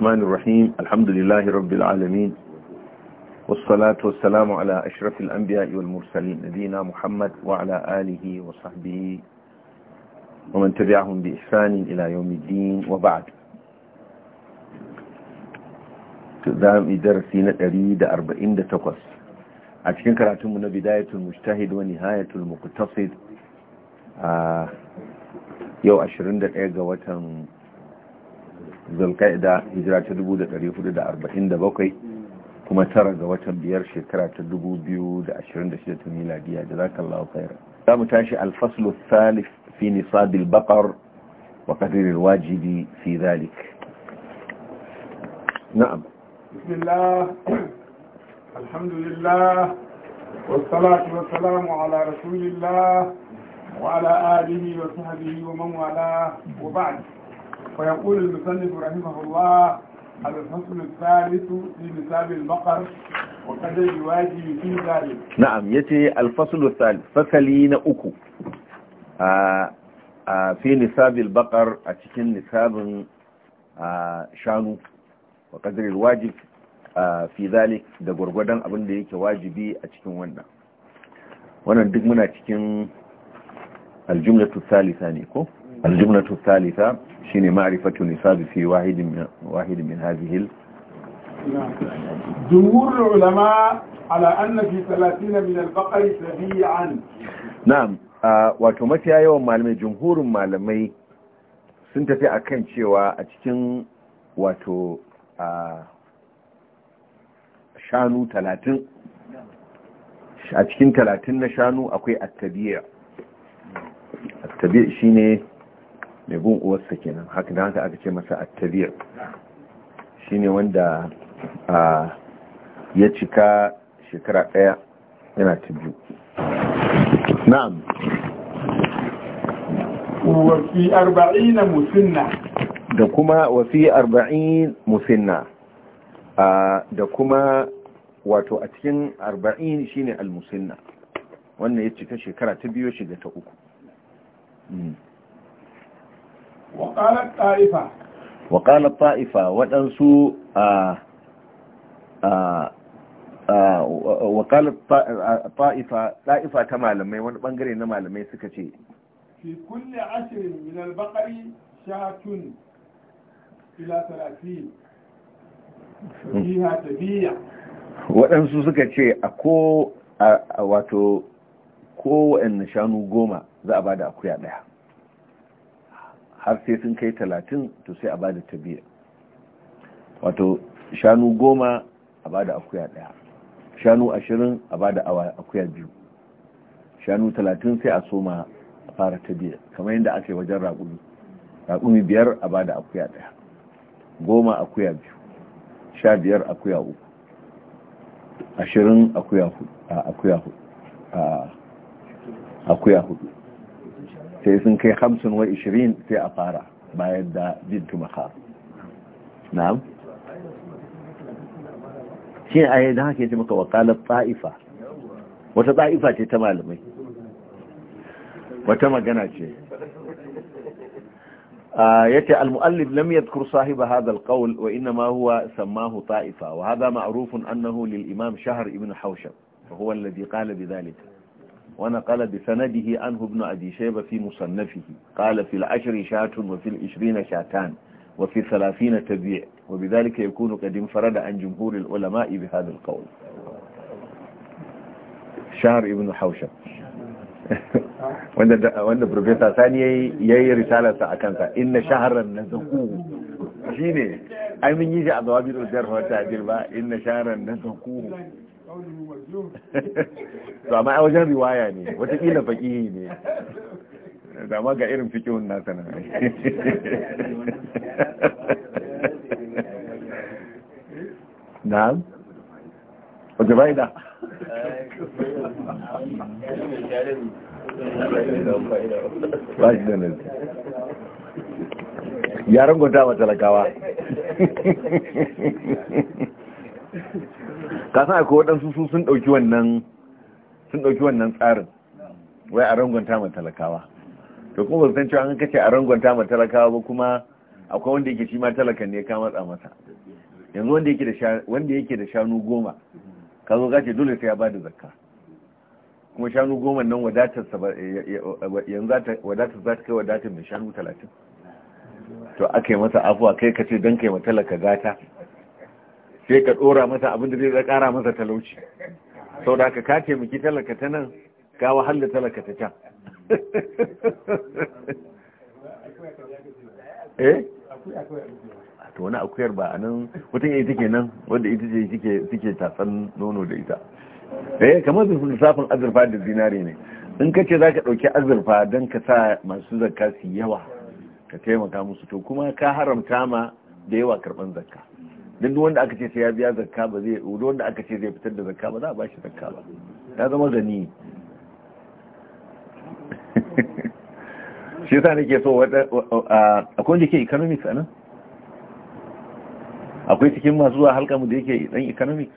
الرحمن الرحيم الحمد لله رب العالمين والصلاة والسلام على أشرف الأنبياء والمرسلين نبينا محمد وعلى آله وصحبه ومن تبعهم بإحسان إلى يوم الدين وبعد تدام درسي أريد أربعين تقص أتكن كراتم بداية المجتهد ونهاية المقتصد آه يو أشرين دقيقة وتم zulkaida hijira ta 1447 kuma tara ga watan biyar shekara ta 2026 ta miladiya jazakallahu khairan za mu tashi alfaslu thalith fi nisab al-baqar wa qadr al-wajib fi dhalik na'am bismillah alhamdulillah والصلاة والسلام على رسول الله وعلى آله وصحبه ومن والاه وبعد ويقول المصنف رحمه الله الفصل الثالث في نساب البقر وقد يواجه في ذلك نعم يتي الفصل الثالث فصلين أكو في نساب البقر أتكن نساب شانو وقدر الواجب fi zalik da gwargwadon abin da yake wajibi a cikin wannan wannan duk muna cikin aljumlatu salisa ne ko aljumlatu salisa Shi ne ma'rifatu nisab fi wahidin wahidin min hadhihi jumhur ulama ala anna fi 30 min al-baqar sahihan na'am wato mafiya yawan malamai jumhurin malamai sun tafi a kan cewa a cikin wato shanu talatin, a cikin talatin na shanu akwai attabiya. tabia at-tabi'a mai bin uwarsa kenan haka da haka aka ce masa shi ne wanda ya cika shekara ɗaya yana ta biyu na'am wafi arba'in musinna da kuma wafi arba'in musinna da kuma wato a cikin arba'in shine al-musinna wannan ya cika shekara ta biyu shiga ta uku hmm. waƙalar ta'ifa ta'ifa ta malamai wani ɓangare na malamai suka ce fi waɗansu suka ce a ko wato ko wa'in shanu goma za a ba da akuya ɗaya har sai sun kai talatin to sai a ba da tabiya wato shanu goma a ba da akuya daya shanu ashirin a ba da akuya biyu shanu talatin sai a soma a fara tabiya kamar yadda aka yi wajen raƙumi raƙumi biyar a ba da akuya daya goma akuya biyu sha biyar akuya uku ashirin akuya hudu akuya hudu sai sun kai hamsin wa ishirin sai a fara bayan da bintu makar na'am shi a yi da haka yace maka wakalar ta'ifa wata ta'ifa ce ta malamai wata magana ce يتي المؤلف لم يذكر صاحب هذا القول وإنما هو سماه طائفة وهذا معروف أنه للإمام شهر ابن حوشب وهو الذي قال بذلك ونقل بسنده عنه ابن أبي شيبة في مصنفه قال في العشر شات وفي العشرين شاتان وفي الثلاثين تبيع وبذلك يكون قد انفرد عن جمهور العلماء بهذا القول شهر ابن حوشب وانا بروفيسور ثاني يا رسالة risalarsa إن شهر inna شيني أي من يجي ne ai mun yi إن شهر zawabi to amma a wajen riwaya ne watakila baƙi ne da ma ga irin fikihun nasa na na'am bai da ba shi da nan yaren gwada wa talakawa kasan akwai waɗansu su sun ɗauki wannan sun ɗauki wannan tsarin wai a rangonta ma talakawa to kuma ba san cewa an kace a rangonta ma talakawa ba kuma akwai wanda yake shi ma talakan ne ka matsa masa yanzu wanda yake da wanda yake da shanu goma ka zo gace dole sai ya ba da zakka kuma shanu goma nan wadatar yanzu wadatar za ta kai wadatar mai shanu talatin to aka yi masa afuwa kai ka ce don kai talaka gata sai ka ɗora masa abin da zai ƙara masa talauci sau da aka ka taimaki talaka ta nan ka wahala talaka ta can eh? to wani akuyar ba a nan mutum ita ke nan wadda ita ce suke tasan nono da ita eh kamar su lissafin azurfa da zinari ne in ka ce za ka ɗauki azurfa don ka sa masu zakka su yawa ka taimaka musu to kuma ka haramta ma da yawa karɓan zakka don duk wanda aka ce sai ya biya zakka ba zai duk wanda aka ce zai fitar da zakka ba za a bashi zakka ba ya zama gani shi yasa nake so akwai wanda ke economics nan akwai cikin masu zuwa halka mu da yake dan economics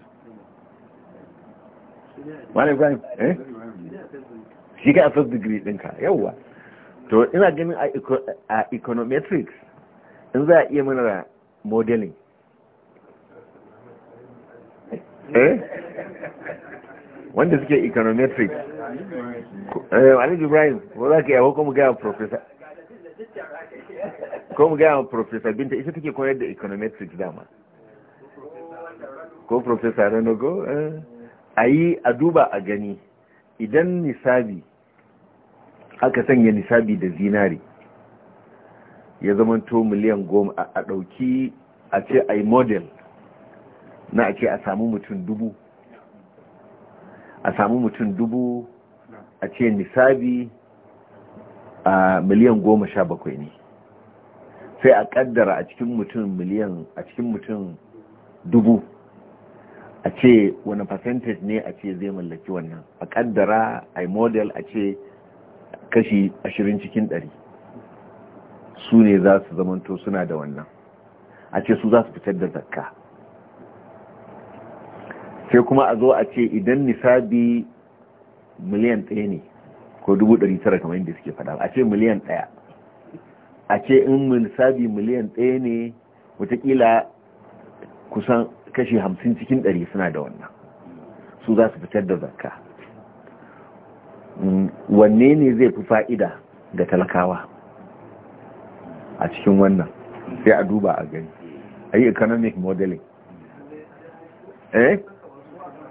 ya Ibrahim eh shi ka first degree ɗinka yawwa to ina ganin a econometrics in za a iya mana modeling eh wanda suke econometrics eh, alhaji ibrahim ko za ka yi ko mu gaya professor ko mu gaya professor binta ita take koyar da econometrics dama ko professor ranogo eh, a yi a duba a gani idan nisabi aka sanya nisabi da zinari ya zamanto miliyan goma a ɗauki a ce a yi model na a ce a samu mutum dubu a samu mutum dubu a ce nisabi a miliyan goma sha bakwai ne sai a kaddara a cikin mutum miliyan a cikin mutum dubu a ce wani percentage ne a ce zai mallaki wannan a kaddara a model a ce kashi ashirin cikin dari su ne za su zamanto suna da wannan a ce su za su fitar da zakka sai kuma a zo a ce idan nisabi miliyan ɗaya ne ko dubu ɗari tara kamar yadda suke faɗa a ce miliyan ɗaya a ce in nisabi miliyan ɗaya ne watakila kusan kashi hamsin cikin ɗari suna da wannan su za su fitar da zakka mm, wanne ne zai fi fa'ida ga talakawa a cikin wannan sai a duba a gani a yi economic modeling eh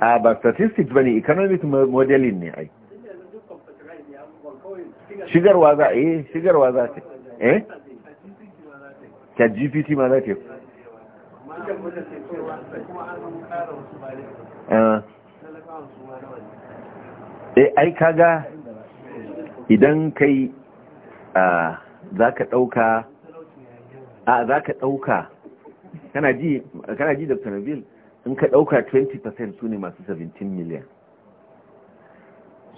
a ah, ba statistics bane economic modeling ne ai shigarwa za eh shigarwa za ta eh ta gpt ma za ta ah. eh ai kaga idan kai ah, za ka ɗauka a za ka ɗauka kana ji da nabil in ka ɗauka 20% su ne masu 17 miliyan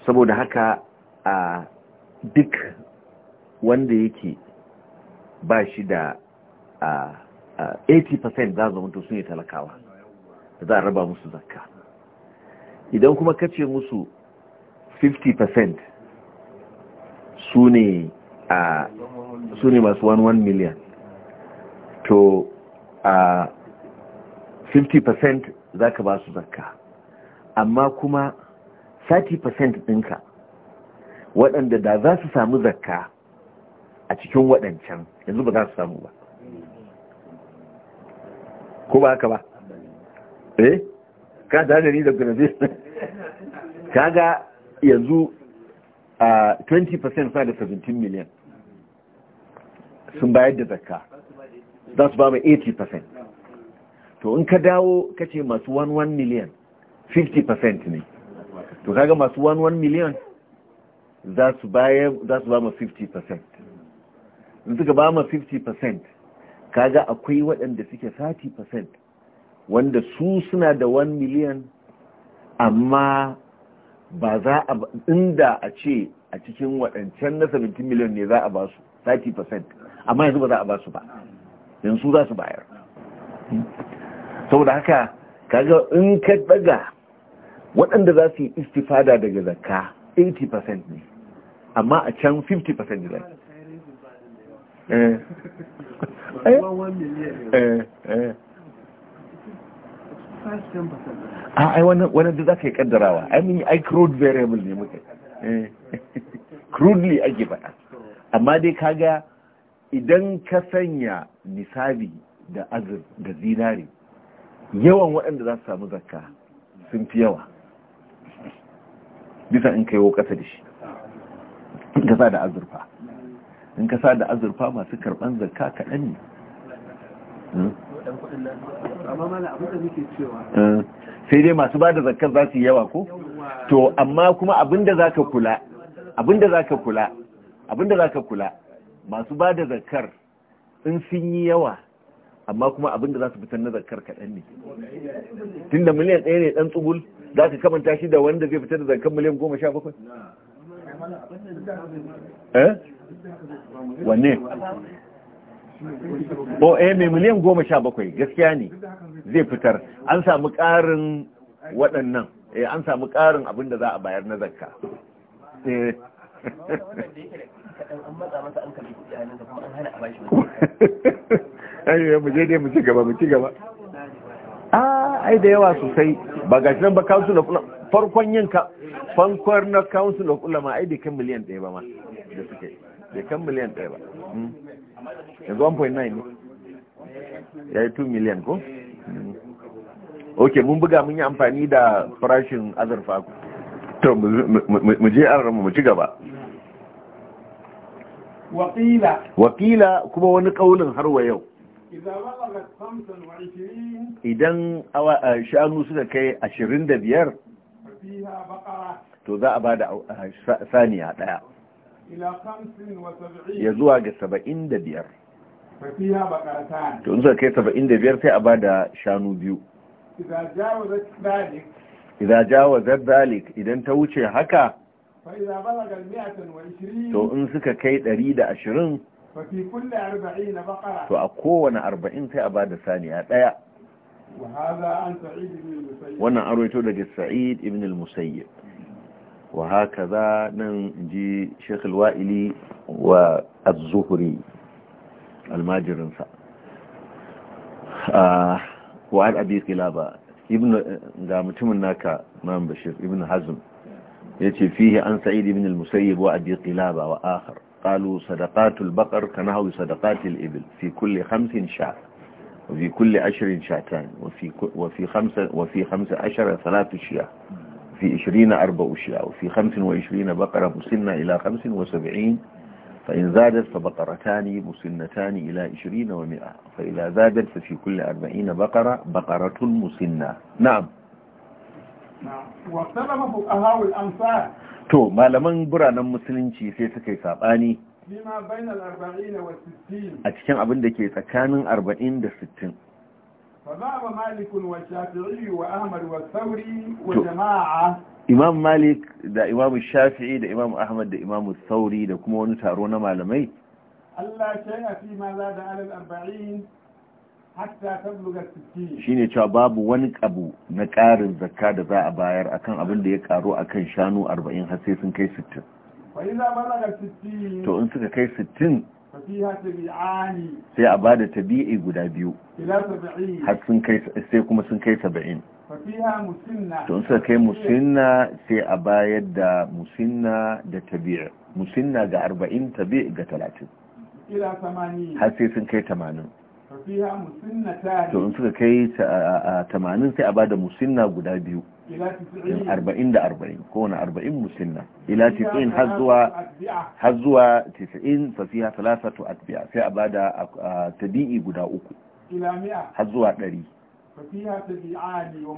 saboda haka a duk wanda yake ba shi da 80% za zama to su ne talakawa da za a raba musu zakka idan kuma ka ce musu 50% su ne masu 11 miliyan to a 50% za ka ba su zakka amma kuma 30% ɗinka waɗanda da za su samu zakka a cikin waɗancan yanzu ba za su samu ba ko ba haka ba eh ka da ni da gurbe kaga yanzu a 20% sa da 17 million, sun bayar da zakka za su ba mu 80% to in ka dawo ka ce masu 1-1 miliyan 50% ne to kaga masu 1-1 miliyan za su ba ma 50% in suka ba ma 50% kaga akwai waɗanda suke 30% wanda su suna da 1 miliyan amma ba za a inda a ce a cikin waɗancan na 17 miliyan ne za a ba su 30% amma yanzu ba za a ba su ba yanzu za su bayar saboda haka kaga in ka daga waɗanda za su yi istifada daga zakka 80% ne amma a can 50% ne zai eh. eh. eh. a ah, ai wannan da za ka yi kaddarawa ai mun yi ai crude variable ne muka crudely ake faɗa amma dai kaga idan ka sanya nisabi da azur da zinari yawan waɗanda za su samu zakka sun fi yawa bisa in kai wo ƙasa da shi in ka sa da azurfa in ka sa da azurfa masu karɓar zakka kaɗan ne hmm? hmm. sai dai masu ba da zakkar za su yi yawa ko to amma kuma abinda za ka kula abinda za ka kula abinda za ka kula masu ba da zakkar in sun yi yawa amma kuma abin da za su fitar na zakar kaɗan ne tunda miliyan ɗaya ne ɗan tsugul za ka kamanta shi da wanda zai fitar da zakar miliyan goma sha bakwai eh wanne o eh mai miliyan goma sha bakwai gaskiya ne zai fitar an samu ƙarin waɗannan eh an samu ƙarin abin da za a bayar na zakka eh. ayyuwa mu je dai mu ci gaba mu ci gaba a ah, ai da yawa sosai ba gashi nan ba council of farkon yanka farkon na council of ulama ai da kan miliyan ɗaya ba ma da suke Da kan miliyan ɗaya ba hmm. yanzu 1.9 ne ya yi 2 miliyan ko hmm. ok mun buga mun yi amfani da farashin azurfa to mu je an mu ci gaba wakila kuma wani kaunin har wa yau idan shanu suka kai ashirin da biyar to za a ba da saniya daya ya zuwa ga saba'in da biyar to suka kai saba'in da biyar sai a ba da shanu biyu idan jawo zalik idan ta wuce haka to in suka kai ɗari 120 to a kowane arba'in sai a ba da saniya ɗaya wannan an roito daga sa'id ibn al-musayyib wa haka za nan ji sheikh al-wa'ili wa az-zuhri almajirinsa ah, wa al-abi qilaba ibn ga mutumin naka imam bashir ibn hazm يتي فيه عن سعيد بن المسيب وأبي قلابة وآخر قالوا صدقات البقر كنهو صدقات الإبل في كل خمس شاة وفي كل عشر شاتان وفي, وفي, خمسة وفي خمس عشر ثلاث شياه في عشرين أربع شياه وفي خمس وعشرين بقرة مسنة إلى خمس وسبعين فإن زادت فبقرتان مسنتان إلى عشرين ومئة فإذا زادت ففي كل أربعين بقرة بقرة مسنة نعم to malaman biranen musulunci sai suka yi saɓani a cikin abin da ke tsakanin arba'in da sittin. imam malik da imam shafi'i da imam ahmad da imam sauri da kuma wani taro na malamai Allah shay'a fi ma za da alal arba'in shine cewa babu wani abu na ƙarin zakka da za a bayar akan abin da ya karo akan shanu 40 har sai sun kai 60 to in suka kai 60 sai a bada tabi'i guda biyu har sun kai sai kuma sun kai saba'in to in suka kai musinna sai a bayar da musinna da tabi'i musinna ga arba'in tabi'i ga talatin. har sai sun kai tamanin to in suka kai tamanin sai a ba musinna guda biyu arba'in da arba'in kowane arba'in musinna ila tis'in har zuwa tis'in fasiha talatatu atbiya sai a ba da tabi'i guda uku har zuwa ɗari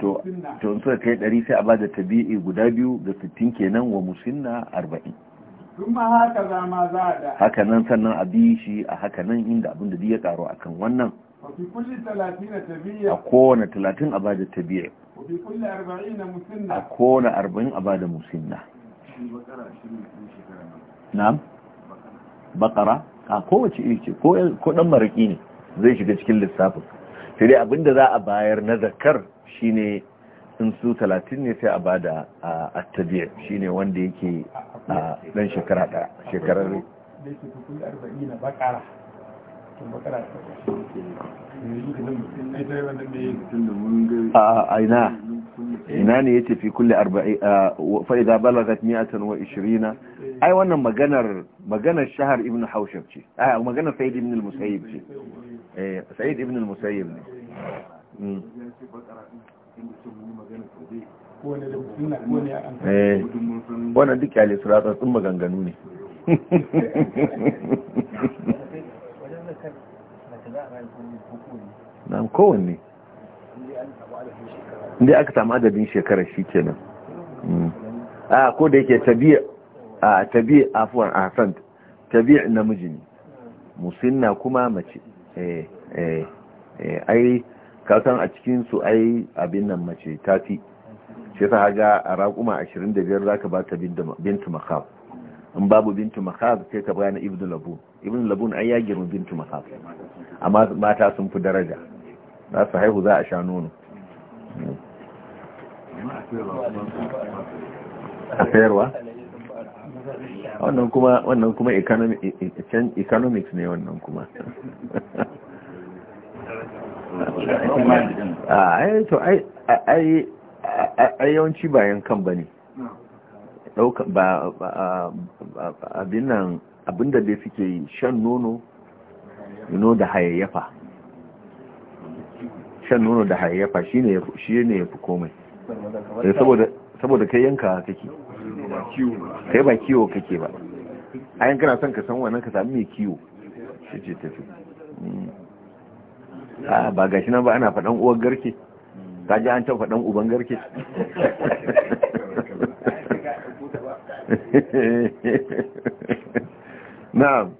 to in suka kai ɗari sai a ba da tabi'i guda biyu da sittin kenan wa musinna arba'in haka nan sannan a bi shi a haka nan inda abin da ya karo akan wannan a kowane talatin a bada tabi'a a kowane arba'in a bada musinna na'am bakara a kowace iri ce ko dan mariki ne zai shiga cikin lissafin sai dai abin da za a bayar na zakar shine in su talatin ne sai a ba da attabiya shi ne wanda yake ɗan shekara ɗaya shekarar a ina eh. ina ne ya tafi kulle fa'iza balagat miyatan wa ishirina eh. ai wannan maganar shahar ibn haushab ce A maganar sa'id ibn al-musayyib ce eh. sa'id ibn al-musayyib ne mm. Eh, wannan duk yale su sun maganganu ne na kowanne inda aka samu adadin shekara shi kenan mm. a ko da yake tabi'a a tabi'a afuwan san tabi'a namiji ne musinna kuma mace eh eh eh ai ka san a cikin su ai abin nan mace tafi shi sa haga a raƙuma 25 zaka ba ta bintu makhab in babu bintu makhab sai ka bayana ibnu labun ibnu labun ai ya girma bintu makhab amma mata sun fi daraja za su haihu za a sha nono a sayarwa wannan kuma wannan kuma e-, e-, economics ne wannan kuma a ai yawanci bayan kan ba ne abin da dai suke shan nono nono da hayayyafa shan nono da hayayyafa shi ne ya fi komai eh, saboda kai yanka kake kai ba kiwo kake ba ayan kana son ka san wannan ka sami mai kiwo shi ce tafi hmm. a ba gashi nan ba ana faɗan uwar garke ka ji an can faɗan uban garke na'am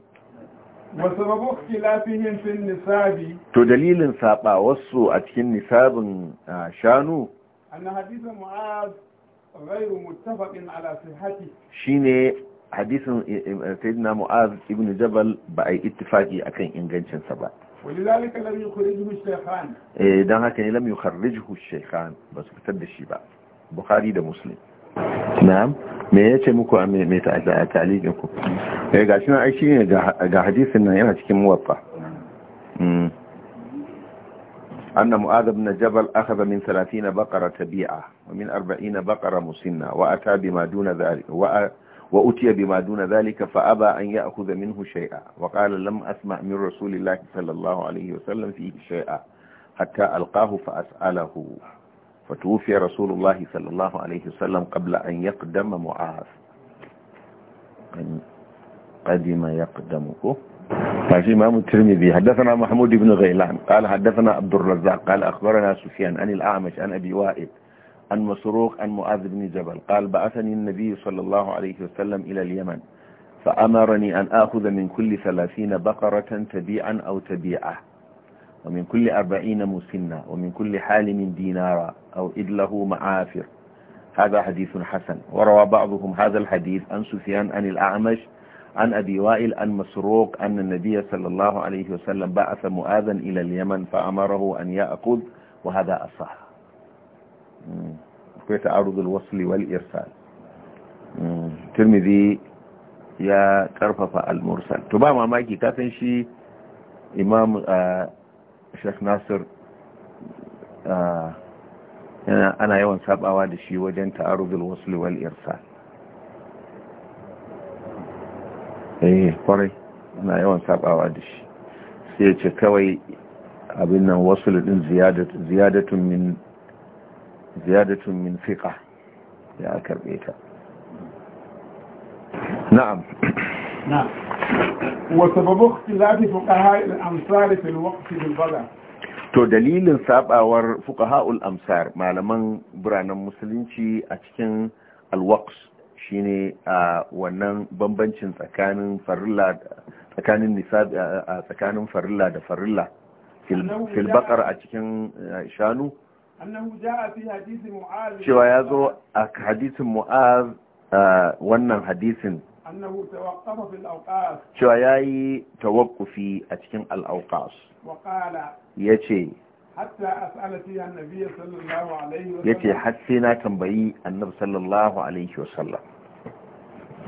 wasu babu kilafin fin nisabi to dalilin saba wasu a cikin nisabin shanu anna hadisin mu'az ghairu muttafaqin ala Shi ne hadisin eh, eh, sayyidina mu'az ibn jabal ba ai a akan ingancinsa ba ولذلك لم يخرجه الشيخان ده هكا لم يخرجه الشيخان بس فتد الشيبا بخاري ده مسلم نعم me ya ce muku a talibinku ya ga shi na aiki ne ga hadisun nan yana cikin muwaffa an na mu'adab na jabal aka ba min 30 na bakara tabi'a wa min 40 na bakara musinna wa a tabi maduna za a وأتي بما دون ذلك فأبى أن يأخذ منه شيئا وقال لم أسمع من رسول الله صلى الله عليه وسلم فيه شيئا حتى ألقاه فأسأله فتوفي رسول الله صلى الله عليه وسلم قبل أن يقدم معاذ أن قدم يقدمه ففي طيب، إمام الترمذي حدثنا محمود بن غيلان قال حدثنا عبد الرزاق قال أخبرنا سفيان عن الأعمش عن أبي وائل عن مسروق عن معاذ بن جبل قال بعثني النبي صلى الله عليه وسلم إلى اليمن فأمرني أن آخذ من كل ثلاثين بقرة تبيعا أو تبيعة ومن كل أربعين مسنة ومن كل حالم دينارا أو إدله معافر هذا حديث حسن وروى بعضهم هذا الحديث عن سفيان عن الأعمش عن أبي وائل عن مسروق أن النبي صلى الله عليه وسلم بعث مؤاذا إلى اليمن فأمره أن يأخذ وهذا أصح Mm. akwai ta'arudul wasli wal irsal mm. turmizi ya karfafa al-mursal to ba mamaki san shi imam uh, sheikh nasir uh, ana yawan sabawa da shi wajen ta'arudul wasli wal irsal eh kwarai ana yawan sabawa da shi sai ce kawai abin nan wasul din ziyadatu min ziyadatun min fiqa ya karbe ta na'am na'am wa sababu ikhtilafi amsar fi bil bala to dalilin sabawar fuqaha'ul amsar malaman biranen musulunci a cikin alwaqs shine a wannan bambancin tsakanin farilla tsakanin nisab tsakanin farilla da farilla fil baqara a cikin shanu cewa ya zo a hadisin mu'az wannan hadisin cewa ya yi tawakufi a cikin al'aukas ya ce ya ce hatsi na tambayi annab sallallahu alaihi wasallam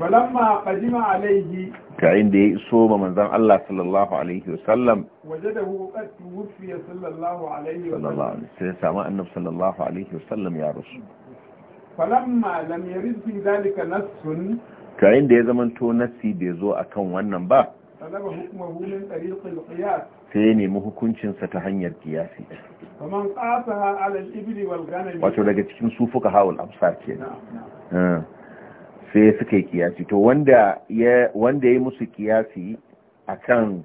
falamma qadima alaihi yayin da ya iso ma manzon Allah sallallahu alaihi wasallam wajadahu qad tuwfiya sallallahu alaihi wasallam sai sama annabi sallallahu alaihi wasallam ya rasu falamma lam yarid fi zalika nassun yayin da ya zamanto nassi bai zo akan wannan ba talaba hukmuhu min tariq al sai ya nemi hukuncinsa ta hanyar kiyasi wato daga cikin sufuka hawul absar kenan sai suka yi kiyasi to wanda ya yi musu kiyasi a kan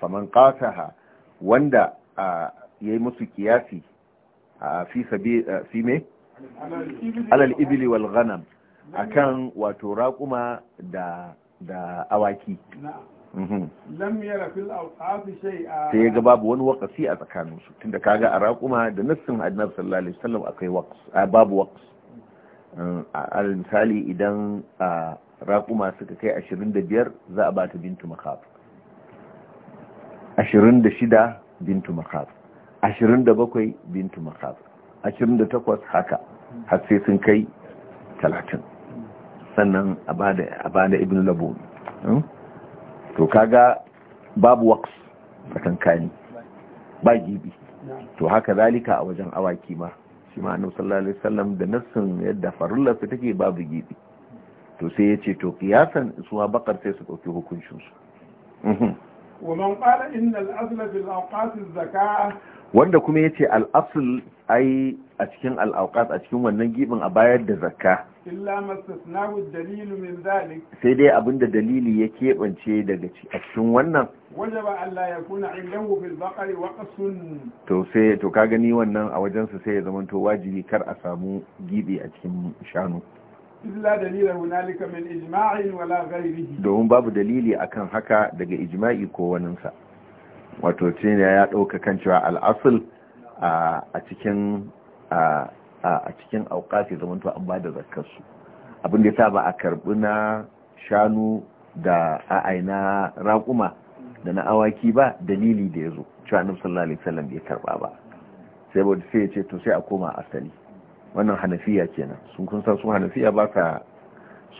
faman qataha wanda ya yi musu kiyasi fi sabi fi me alal ibili wal ghanam akan wato raƙuma da da awaki mhm. sai ya sai ga babu wani wakasi a tsakaninsu tunda kaga a raƙuma da nassin annabi sallallahu alaihi wasallam akwai babu wakasi. al misali idan raƙuma suka kai ashirin da biyar za a ba ta bintu makaf ashirin da shida bintu makaf ashirin da bakwai bintu makaf ashirin da takwas haka har sai sun kai talatin sannan a ba da ibn labun hmm? to kaga babu waks kankani, ba gibi to haka zalika a wajen awaki ma shi ma annabi sallallahu alaihi wasallam da nassin yadda farilla su take babu gidi to sai ya ce to kiyasan suwa bakar sai su ɗauki hukuncin su ومن قال إن الأصل في الأوقات الزكاة wanda kuma yace al-asl ai a cikin al-awqat a cikin wannan gibin a bayar da zakka illa masasnahu dalilu min zalik sai dai abinda dalili ya kebance daga cikin wannan wajaba Allah ya kuna indahu fil baqari wa qasun to sai to ka gani wannan a wajen su sai ya zama to wajibi kar a samu gibi a cikin shanu illa dalila hunalika min ijma'in wala ghayrihi don babu dalili akan haka daga ijma'i ko sa wato ce ya dauka kan cewa al-asl a cikin a cikin aukafi zamanto an ba da zakarsu abin da ya sa ba a karbi na shanu da aina raƙuma da na awaki ba dalili da ya zo cewa annabi sallallahu alaihi wasallam bai karba ba sai ba sai ya ce to sai a koma asali wannan hanafiya kenan sun kun san su hanafiya ba ka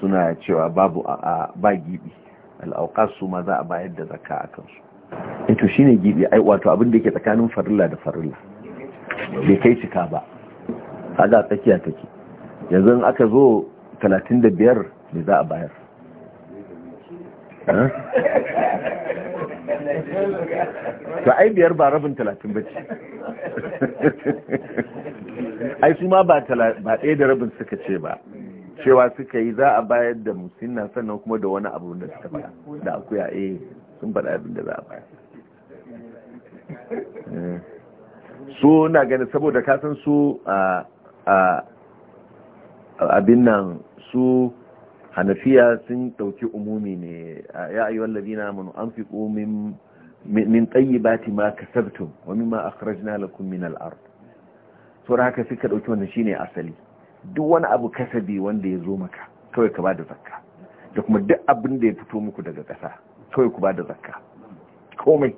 suna cewa babu a ba gibi al'auqas su ma za a bayar da zakka a kansu eh to shine gibi ai wato abin da yake tsakanin farilla da farilla bai kai cika ba kaga tsakiya take yanzu in aka zo 35 ne za a bayar ta ai biyar ba rabin 30 ba ce ai su ma ba ɗaya da rabin suka ce ba cewa suka yi za a bayar da musinna sannan kuma da wani abu da suka faɗa da akuya eh sun faɗa abin da za a bayar eh. Su na gani saboda kasan su a ah, abin nan su hanafiya sun ɗauki umumi ne ya ayi wallazi na manu an fi ƙomin min tsayyibati ma kasabtum wa mimma akhrajna lakum min al-ard da haka suka ɗauki wannan shine asali duk wani abu kasabi wanda ya zo maka kawai ka bada zakka da kuma duk abin da ya fito muku daga ƙasa kawai ku bada zakka komai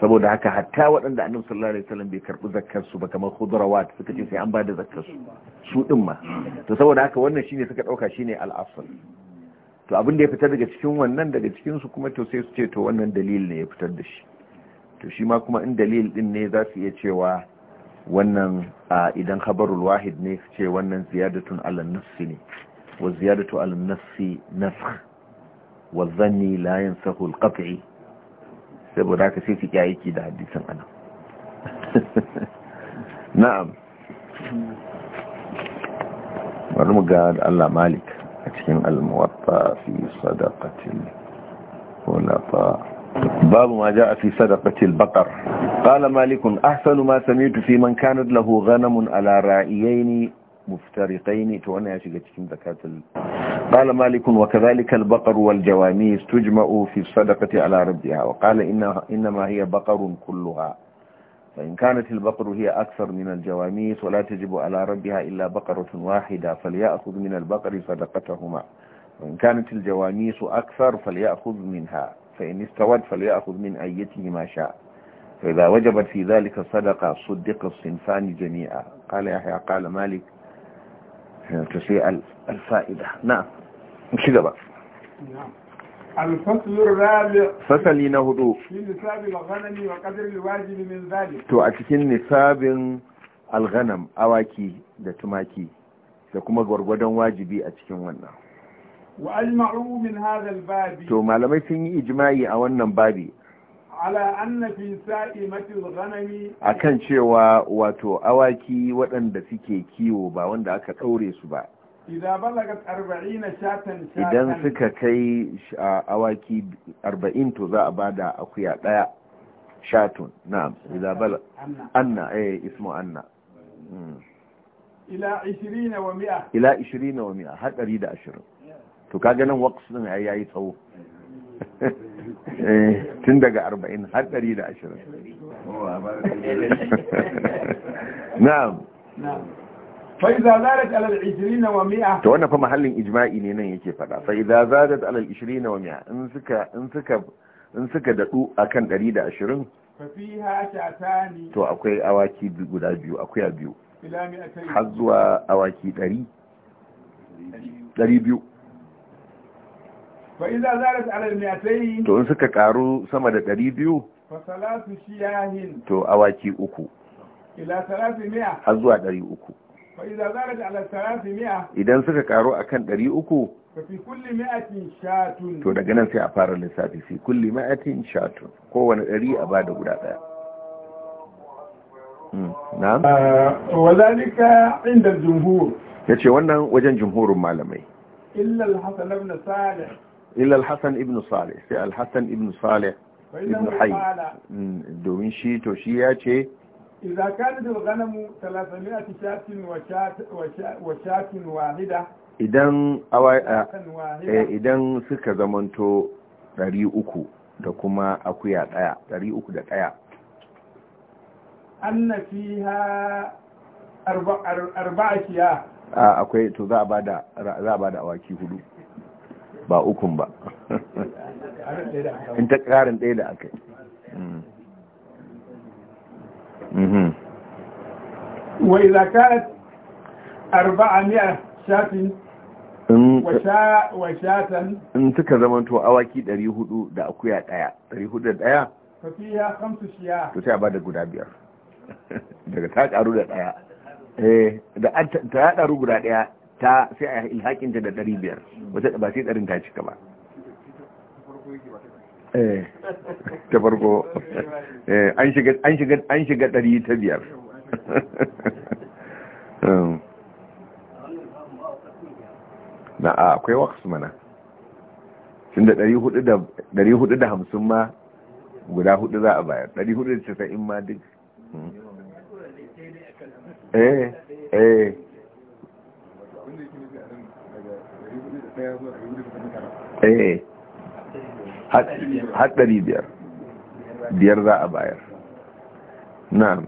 saboda haka hatta waɗanda annabi sallallahu alaihi wasallam bai karɓi zakkar su ba kamar khudrawat suka ce sai an bada zakkar su su din ma to saboda haka wannan shine suka dauka shine al afsal to abin da ya fitar daga cikin wannan daga cikin su kuma to sai su ce to wannan dalil ne ya fitar da shi to shi ma kuma in dalil din ne za su iya cewa wannan idan khabarul wahid ne su ce wannan ziyadatun ala nafsi ne wa ziyadatu ala nafsi nafkh wa dhanni la yansahu al-qat'i saboda haka sai su aiki da hadisin ana na'am bari mu ga Allah Malik a cikin al-muwatta fi sadaqatil khulafa babu ma a fi sadaqatil baqar qala Malik ahsanu ma sami'tu fi man kanar lahu ghanamun ala ra'iyaini muftariqaini ta wani ya shiga cikin zakatul قال مالك وكذلك البقر والجواميس تجمع في الصدقة على ربها وقال إنها إنما هي بقر كلها فإن كانت البقر هي أكثر من الجواميس ولا تجب على ربها إلا بقرة واحدة فليأخذ من البقر صدقتهما وإن كانت الجواميس أكثر فليأخذ منها فإن استوت فليأخذ من أيته ما شاء فإذا وجبت في ذلك الصدقة صدق الصنفان جميعا قال يحيى قال مالك تسيئل alfa'ida na ci gaba fasali na hudu to a cikin nisabin alghanam awaki da tumaki da kuma gwargwadon wajibi a cikin wannan وأجمعوا من هذا الباب تو malamai sun yi ijma'i a wannan babi ala anna fi sa'imati al-ghanami akan cewa wato awaki waɗanda suke kiwo ba wanda aka daure su ba idan suka kai awaki arba'in to za a ba da akuya ɗaya shatun na idan anna eh ismu anna ila 20 wa 100 ila 20 wa 100 to kaga nan waqs din ai yayi tsawo tun daga 40 har 120 na'am na'am فإذا زادت على العشرين ومئة تو wannan fa mahallin ijma'i ne nan yake fada fa idza zadat ala al-20 wa 100 in suka in suka in suka dadu akan 120 fa fiha ta'tani to akwai awaki guda biyu akwai a biyu har zuwa awaki 100 200 fa idza zadat ala al-200 to in suka karu sama da 200 fa salatu shiyahin to awaki uku ila 300 har zuwa 300 idan suka karo akan ɗari uku to daga nan sai a fara lissafi fi kulli ma'atin shatun kowane ɗari a ba da guda ɗaya na'am wa zalika inda jumhur yace wannan wajen jumhurin malamai Illal al-hasan ibn salih illa hasan ibn salih sai al-hasan ibn salih ibn hayy domin shi to shi yace إذا كانت الغنم 300 شاة وشاة واحدة idan idan suka zamanto 300 da kuma akuya daya 301 anna fiha arba'a shiya a akwai to za a bada za a bada awaki hudu ba ukun ba in ta karin da وإذا كانت أربعمائة شات وشاة إن تكا زمان تو أواكي داري هدو دا أكويا دايا داري هدو دايا ففيها خمس شياه تو تعبا دا قدا بيار daga ta karu da daya eh da ta karu guda daya ta sai a ilhakin ta da 500 wata ba sai tsarin ta cika ba Eh, ta farko eh, an shiga ɗari ta biyar um, na akwai waks mana sun da ɗari hudu da hamsin ma guda hudu za a bayar ɗari hudu da casa'in ma duk hmm. eh eh eh haɗari biyar biyar za a bayar na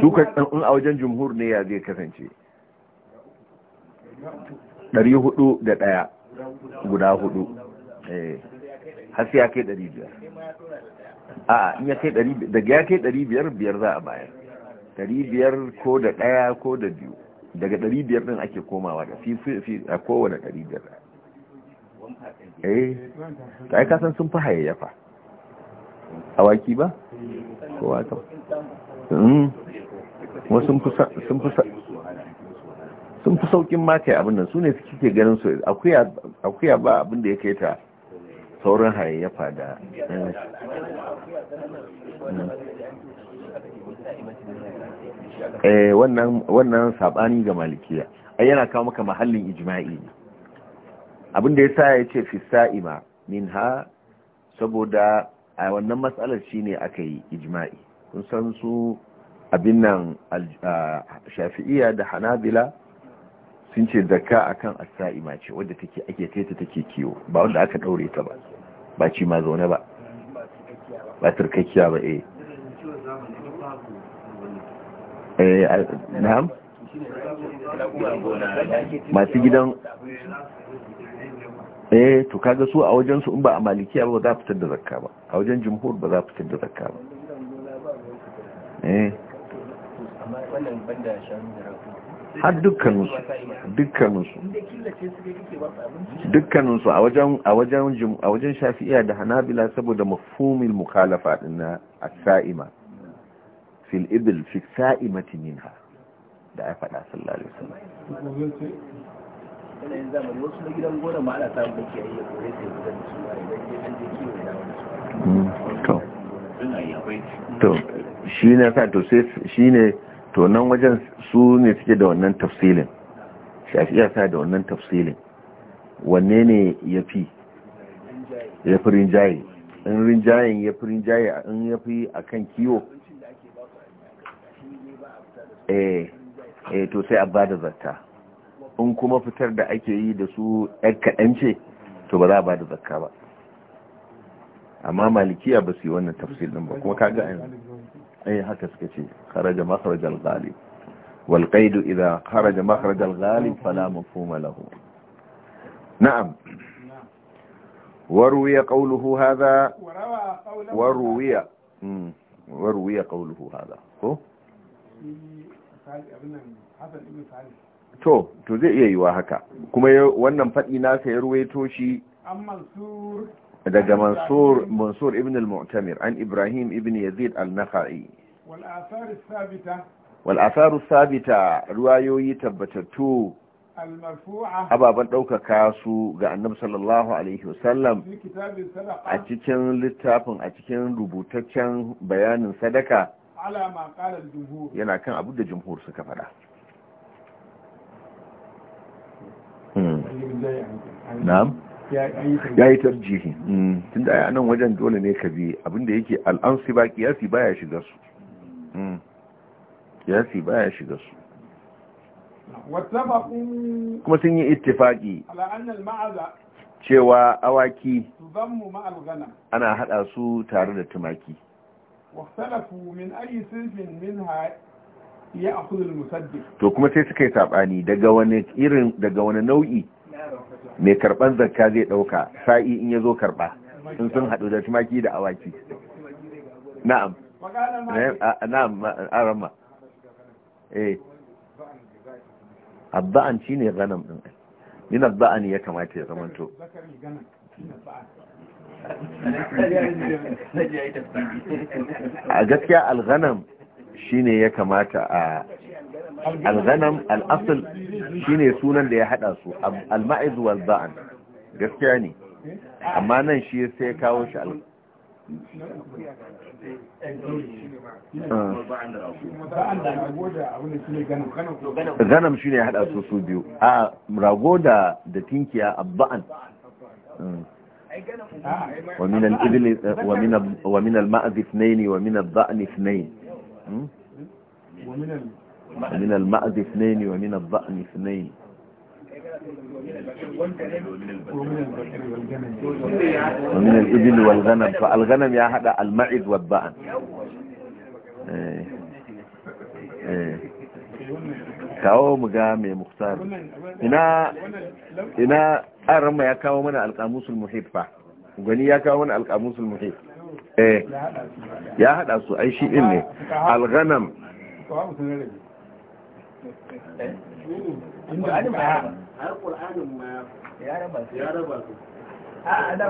su ka ɗan'un a wajen jumhur ne ya zai kasance ɗari hudu da ɗaya guda hudu eh. hasi ya kai ɗari biyar a in ya kai ɗari daga ya kai ɗari biyar biyar za a bayar ɗari biyar ko da ɗaya ko da biyu daga ɗari biyar ɗin ake komawa da fi a kowane ɗari biyar eh ta aika san sun fi hayayyafa awaki ba kowa ta hmm. sun fi saukin mata abin nan su ne su kike ganin su akuya ba abin da ya kai ta saurin hayayyafa da eh, wannan sabani ga malikiya ai yana kawo maka mahallin ijma'i ne Abin da ya sa ya ce fisa'ima min ha saboda a wannan matsalar shi ne aka yi ijima'i, kun san su abin nan shafi'iya da hanabila sun ce zakka akan as-sa'ima ce wadda take ake taita ta take kiwo ba wanda aka daure ta ba ba ci ma zaune ba ba turkakkiya ba eh, eh masu gidan eh to kaga su a wajen su in ba a malikiya ba za fitar da zakka ba a wajen jumhur ba za fitar da zakka ba eh har dukkaninsu dukkaninsu a wajen a wajen a wajen shafi'iya da hanabila saboda mafhumil mukhalafa din as-sa'ima fil ibl fi sa'imati minha da ya faɗa sallallahu alaihi wasallam yanayin zamani a kore sai to shi ne sa to sai shi ne to nan wajen su ne suke da wannan tafsilin shafiya sa da wannan tafsilin wanne ne ya fi ya fi rinjaye in rinjayen ya fi rinjaye in ya fi a kan kiwo eh, eh to sai a ba da zarta in kuma fitar da ake yi da su ‘yan kaɗan ce to ba za a ba da zakka ba amma malikiya ba su yi wannan tafsir ɗin ba kuma kaga ayin ai eh, haka suka ce kharaja makharaj al-ghalib wal qaid idha kharaja makharaj al-ghalib fala mafhuma lahu na'am وروي قوله هذا وروي وروي قوله هذا هو حسن ابن ثالث to to zai iya yiwa haka kuma wannan faɗi nasa ya ruwaito shi daga mansur mansur ibn al-mu'tamir an ibrahim ibn yazid al-nakhai wal sabita ruwayoyi tabbatattu ababen ɗaukaka su ga annabi sallallahu alaihi wasallam a cikin littafin a cikin rubutaccen bayanin sadaka yana kan abu da jumhur suka faɗa na'am ya yi tarjihi mm. tun da a nan wajen dole ne ka bi abinda yake al'ansu ba kiyasi baya shiga su mm. kiyasi baya shiga su kuma sun yi ittifaki cewa awaki ana hada su tare da tumaki to kuma sai suka yi sabani daga wani nau'i mai karban zakka zai dauka sa'i in yazo karba in sun hadu da tumaki da awaki na'am eh, na'am arama eh abba'an shine ganam din min abba'an ya kamata ya zamanto a gaskiya alghanam shine ya kamata a al-ghanam shi ne sunan da ya hada su al-ma'iz wal ba'an gaskiya ne amma nan shi sai kawo shi al ganam shi ne hada su su biyu a rago da da tinkiya ba'an. ومن الإبل ومن ومن المأذ اثنين ومن الضأن اثنين ومن من المعد اثنين ومن الضأن اثنين ومن الإبل والغنم فالغنم يا هذا المعد والضأن إيه. إيه. كاوم قامي مختار هنا هنا أرمى يا كاومنا القاموس المحيط فا غني يا كاومنا القاموس المحيط ايه يا هذا أي شيء إني الغنم Ƙur'anin ba ya ba da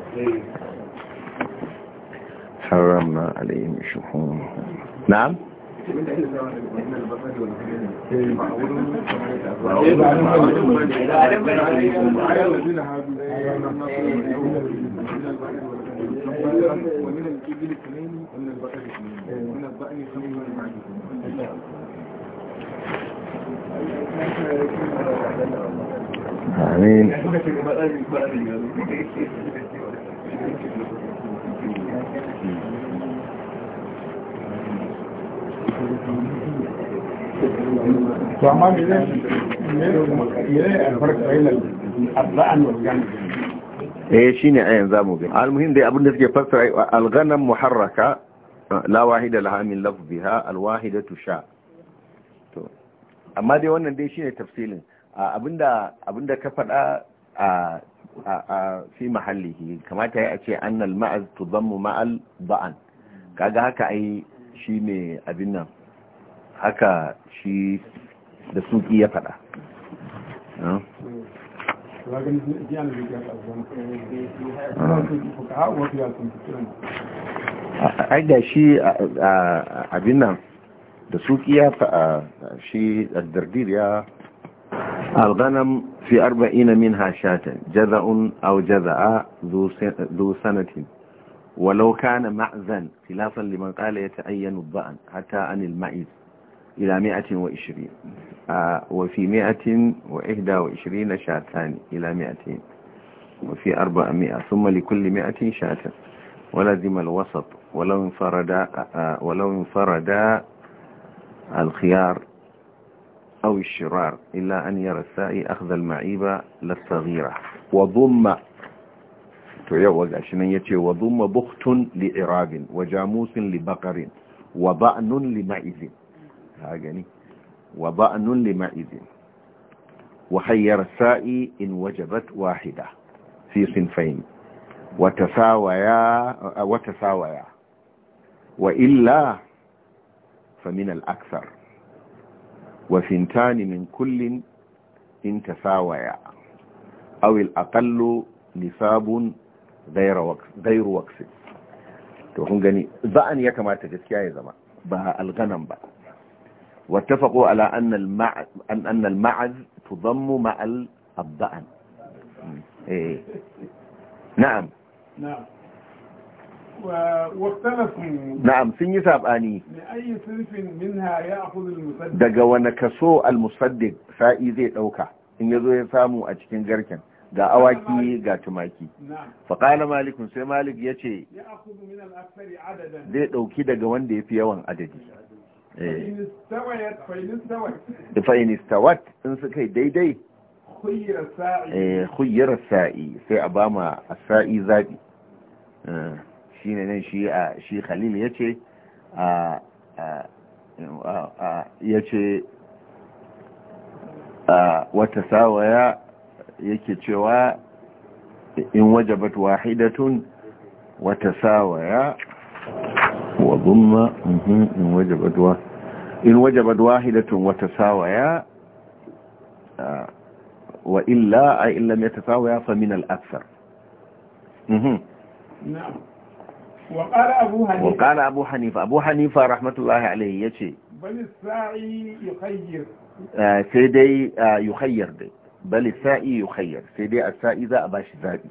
azuwa. Yau. حرمنا عليهم الشحوم نعم ومن الإبل آمين to amma me zai me zai albarka bainal azza'an wal ganam eh shine ayan zamu ga almuhim dai abinda suke fassara al-ghanam muharraka la wahida laha min lafziha al-wahidatu sha to amma dai wannan dai shine tafsilin abinda abinda ka faɗa a a fi mahallihi kamata ya ce annal ma'az tudammu ma'al ba'an kaga haka ai shine abin nan haka shi da suki ya fada ah, ai da shi abin nan da suki ya faɗa shi dardir ya الغنم في أربعين منها شاة جذع أو جذع ذو سنة ولو كان معزا خلافا لمن قال يتعين الضأن حتى عن المعيز إلى مائة وعشرين آه، وفي مائة وإحدى وعشرين شاتان إلى مائتين وفي أربعمائة ثم لكل مائة شاتا ولزم الوسط ولو انفرد آه، ولو انفرد الخيار أو الشرار إلا أن يرى السائي أخذ المعيبة للصغيرة وضم تويوز عشان يتي وضم بخت لإراب وجاموس لبقر وضأن لمعز هاجني وضأن لمعيذ وخير السائي إن وجبت واحدة في صنفين وتساويا وتساويا وإلا فمن الأكثر وثنتان من كل إن تساويا أو الأقل نصاب غير وقف غير وقف تو هون غني ذا يا كما تجد يا زمان با الغنم بقى واتفقوا على أن المعز, أن المعز تضم مع الضأن إيه. نعم نعم واختلفوا نعم سنجي سابقاني لأي صنف منها يأخذ المصدق دقا ونكسو المصدق سائي زي أوكا إن يزو يسامو أجكين جركن ga awaki ga tumaki faƙala malikun sai malik ya ce zai ɗauki daga wanda ya fi yawan adadi fa'in istawat in suka yi daidai khuyyar sa'i sai a ba ma a sa'i zaɓi shi ne nan shi khalil ya ce ya ce wata sawaya yake cewa in wajabat wahidatun wata sawaya وضم إن وجبت إن وجبت واحدة وتساويا آه، وإلا أي إن لم يتساويا فمن الأكثر نعم وقال أبو حنيفة وقال أبو حنيفة أبو حنيفة رحمة الله عليه يتي بل الساعي يخير آه، سيدي آه، يخير دي بل الساعي يخير سيدي الساعي إذا أباش ذابي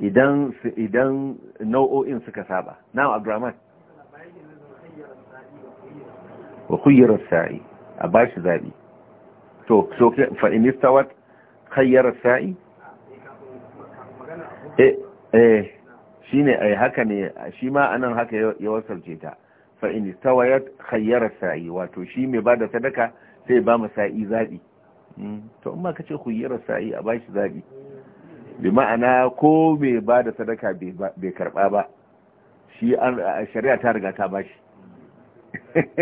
idan idan nau'o'in suka saba na'am abdurrahman wa khayyara sa'i a bashi zabi to so fa in istawat khayyara sa'i eh eh shine ai haka ne shi ma anan haka ya wasarce ta fa in istawat khayyara sa'i wato shi mai bada sadaka sai ba mu sa'i zabi to amma kace khayyara sa'i a bashi zabi bi ma'ana ko mai ba da sadaka bai karba ba shi shari'a ta riga ta bashi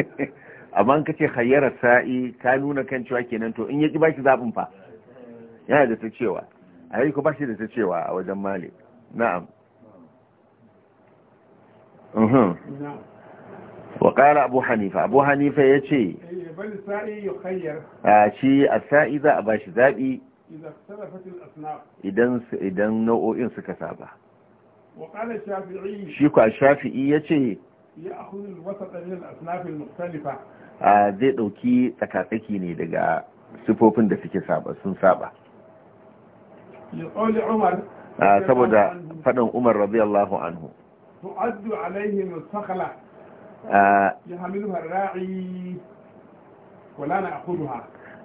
amma ka ce hayyara sa'i ta nuna kan cewa kenan to in ya ki bashi zaɓin fa yana da ta cewa a yi ku bashi da ta cewa a wajen mali na'am وقال abu hanifa abu hanifa ya ce eh, shi يخير آه a السائي ذا أباش ذابي idan idan nau'o'in suka saba shi kwa shafi'i ya ce zai ɗauki tsakatsaki ne daga sifofin da suke saba sun saba saboda faɗin umar radiyallahu anhu tu'addu alaihim sakhala yahmiluha ar-ra'i wa la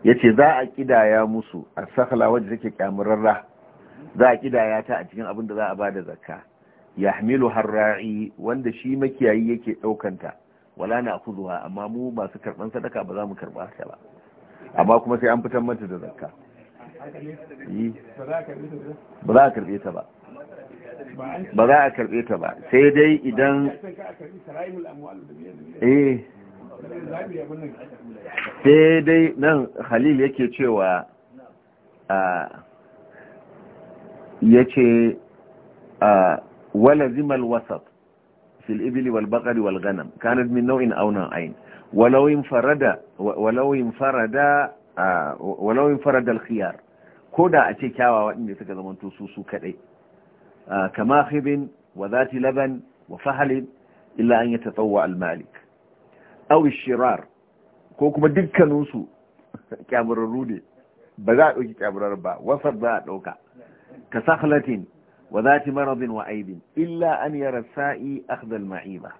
yace za a kidaya musu a sakala wadda take kyamurarra za a kidaya ta a cikin abin da za a bada zakka yahmilu harra'i wanda shi makiyayi yake daukanta wala na kuzuwa amma mu masu karban sadaka ba za mu karba ta ba amma kuma sai an fitar mata da zakka ba za a karbe ta ba ba za a karbe ta ba sai dai idan eh sai dai nan halil yake cewa ya ce walazimal wasaf fil ibili wal bakari wal ganam kanad min nau'in aunan ain walau farada walau farada walau khiyar ko da a ce kyawawa inda suka zama su su kadai kama khibin wa zati laban wa fahalin illa an yatatawwa al malik awi shirar ko kuma dukkaninsu kyamurarru ne ba za a ɗauki kyamurar ba wasar za a ɗauka ka sahlatin wa za ti wa aibin illa an yara sa'i akhdal ma'iba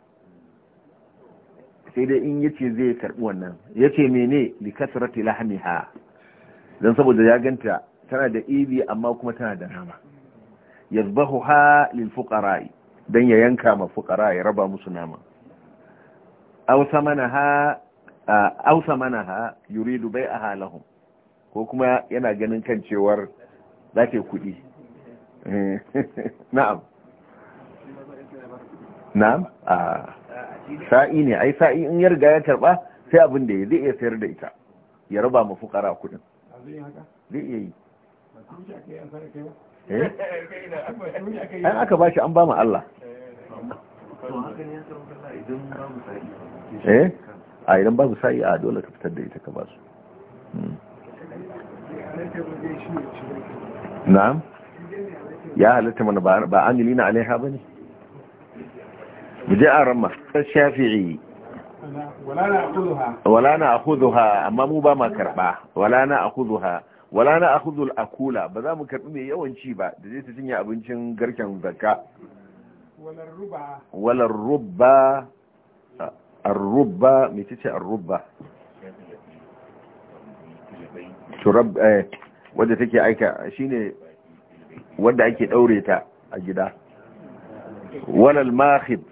sai dai in yace zai karɓi wannan yace mene li kasrati lahmiha dan saboda ya ganta tana da ibi amma kuma tana da nama yazbahuha lil fuqara dan ya yanka ma fuqara ya raba musu nama aw samanaha aw samanaha yuridu bai'aha lahum ko kuma yana ganin kan cewar zake kuɗi na'am na'am a sa'i ne ai sa'i in ya riga ya karba sai abin da ya zai iya sayar da ita ya raba ma fukara kuɗin zai iya yi an aka ba shi an ba ma Allah eh a idan babu sa'i a dole ka fitar da ita ka basu hmm. na'am ya halatta mana ba an gilina alaiha ba ne buje a ramma shafi'i wala na ha, amma mu ba ma karba wala na ha wala na akuzul akula ba za mu karbi mai yawanci ba da zai ta cinye abincin garken zakka walar rubba arrubba mai cice arrubba eh, wadda take aika shine wadda ake daure ta a gida walal mahid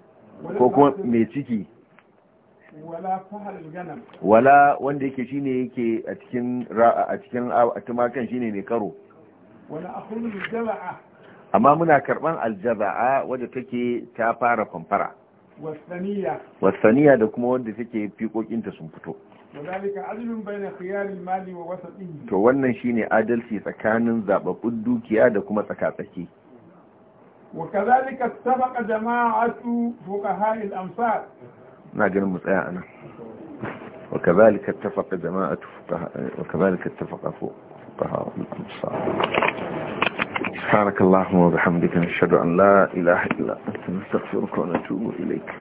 ko kuma mai ciki wala wanda yake shine yake a cikin a cikin tumakan shine mai karo wala akhrul jama'a amma muna karban aljaba'a wadda take ta fara kwamfara wasaniya da kuma wadda take fiƙoƙinta sun fito to wannan shine adalci tsakanin zababbun dukiya da kuma tsakatsaki وكذلك اتفق جماعة فقهاء الأمثال ناجل مسألة أنا وكذلك اتفق جماعة فقهاء وكذلك اتفق فقهاء الأمثال سبحانك اللهم وبحمدك نشهد أن لا إله إلا أنت نستغفرك ونتوب إليك